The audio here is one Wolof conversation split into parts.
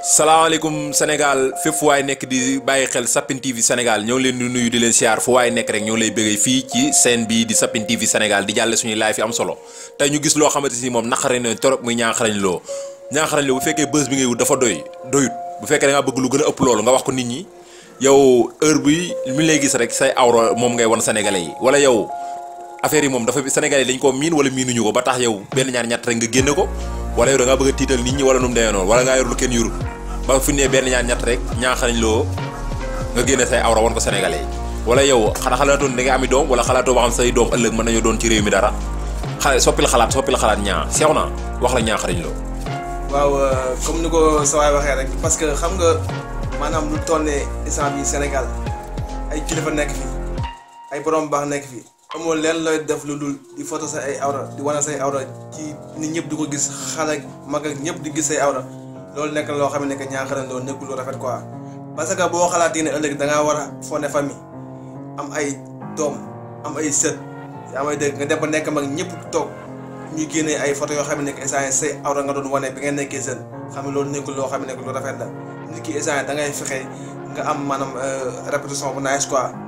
salaamaaleykum Sénégal fépp waay nekk di bàyyi xel Sapin TV Sénégal ñoo ngi leen di nuyu di leen siyaar fu waaye nekk rek ñoo ngi lay bëggee fii ci scène bii di Sapin TV Sénégal di jàlle suñuy live yi am solo te ñu gis loo xamante si moom naqare na torop muy ñaaxarañ loo ñaaxarañ loo bu fekkee bës bi ngay wut dafa doy doyut bu fekkee da bëgg lu gën a ëpp loolu nga wax ko nit ñi yow heure bi mi lay gis rek say awra moom ngay wan sénégalais yi wala yow affaire yi moom dafa sénégalais dañ koo miin wala miinuñu ko ba tax yow benn ñaar ñett rek nga génne ko wala yow da bëgg a tiital nit ñi wala nu mu demee noonu wala ngaa yor lu kenn yurut ba fu ne benn ñaar ñett rek ñaaxanañ loo nga génne say awra won ko sénégalais wala yow xanaa xalaatoon da nga ami doom wala xalaatoo ba xam say doom ëllëg mën nañu doon ci réew mi dara xale soppil xalaat soppil xalaat ñaa seew naa wax la ñaaxanañ loo waaw euh, comme ni ko sawaay waxee rek parce que xam nga maanaam lu toll ne instant bi Sénégal ay kilifa nekk fi ay nekk fi amoo leen looy def lu dul di foto sa ay awra di wane say awra ci nit ñëpp di ko gis xale ak mag ñëpp di gis say awra loolu nekk loo xam ne que ñaaxaran loolu nekkul lu rafet quoi parce que boo xalaatee ne ëllëg da ngaa war a fondé famille am ay doom am ay sët am ay dëgg nga def ba nekk mag ñëpp toog ñu génnee ay photo yoo xam ne que instant say awra nga doon wane bi nga nekkee jeune xam ne loolu nekkul loo xam ne que lu rafet la nit ki instant da fexe nga am maanaam euh, répétition bu nice quoi.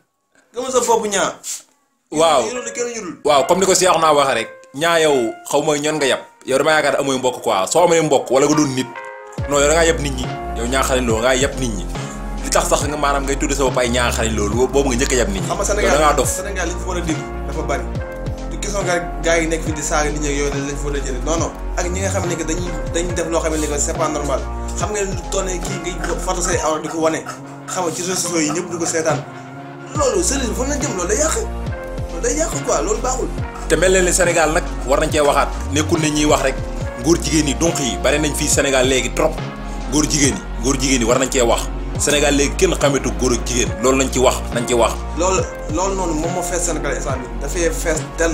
gëm sa bopp ñaa. waaw waaw comme ni ko Cheikh naa waxee rek. ñaa yow xaw ma ñoon nga yab yow dama yaakaar amuy mbokk quoi soo amee mbokk wala nga doon nit non yow da ngaa yab nit ñi ñaa xale loo ngaa yab nit ñi tax sax nga maanaam ngay tudd sa bopp ñaa a yab nit ñi. xam nga Sénégal Sénégal li ñu war a dégg dafa bari du question nekk fi lañ fa war a jëlee non ñi nga xam ne que dañuy dañuy def loo xam ne que c'est normal xam nga lu toll nii kii ngay fàttali say di ko wane xam nga ci soo yi ñëpp di ko seetaan loolu sëriñ fa la jëm loolu day yàq loolu day yàq quoi loolu baaxul. te mel na ni Sénégal nag war nañ cee waxaat nekkul ne ñuy wax rek góor jigéen yi donc yi bare nañ fii senegal léegi trop góor jigéen yi góor jigéen yi war nañ cee wax Sénégal léegi kenn xametu góor jigéen loolu nañ ci wax nañ ci wax. loolu loolu noonu moom moo fees Sénégal instant bi dafay fees del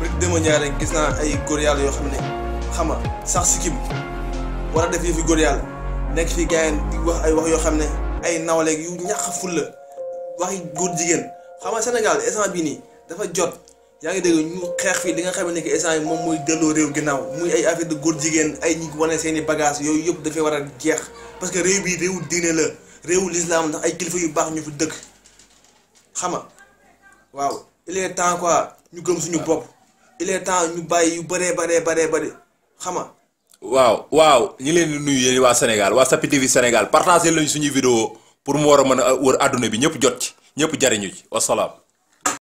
rek dama ñaare gis naa ay góor yàlla yoo xam ne xam nga sax sikkim war a def yëfi góor yàlla nekk ci gars yi di wax ay wax yoo xam ne ay nawleeg yu ñàkk fulla waxi góor jigéen xam nga Sénégal instant bii nii dafa jot yaa ngi dégg ñu xeex fii li nga xam ne que yi moom mooy delloo réew ginnaaw muy ay affaire de góor jigéen ay ñi wane seen i bagages yooyu yëpp dafay war a jeex parce que réew bii réewu diine la réewu lislaam ndax ay kilifa yu baax ñu fi dëkk xam waaw il est temps quoi ñu gëm suñu bopp il est temps ñu bàyyi yu bëree baree baree bëri xam waaw waaw ñu leen di nuyu yéen waa Sénégal waa Sappi TV Sénégal partagé lañu suñu vidéo pour mu war mën a wër àdduna bi ñëpp jot ci ñëpp jariñu ci wasalaam.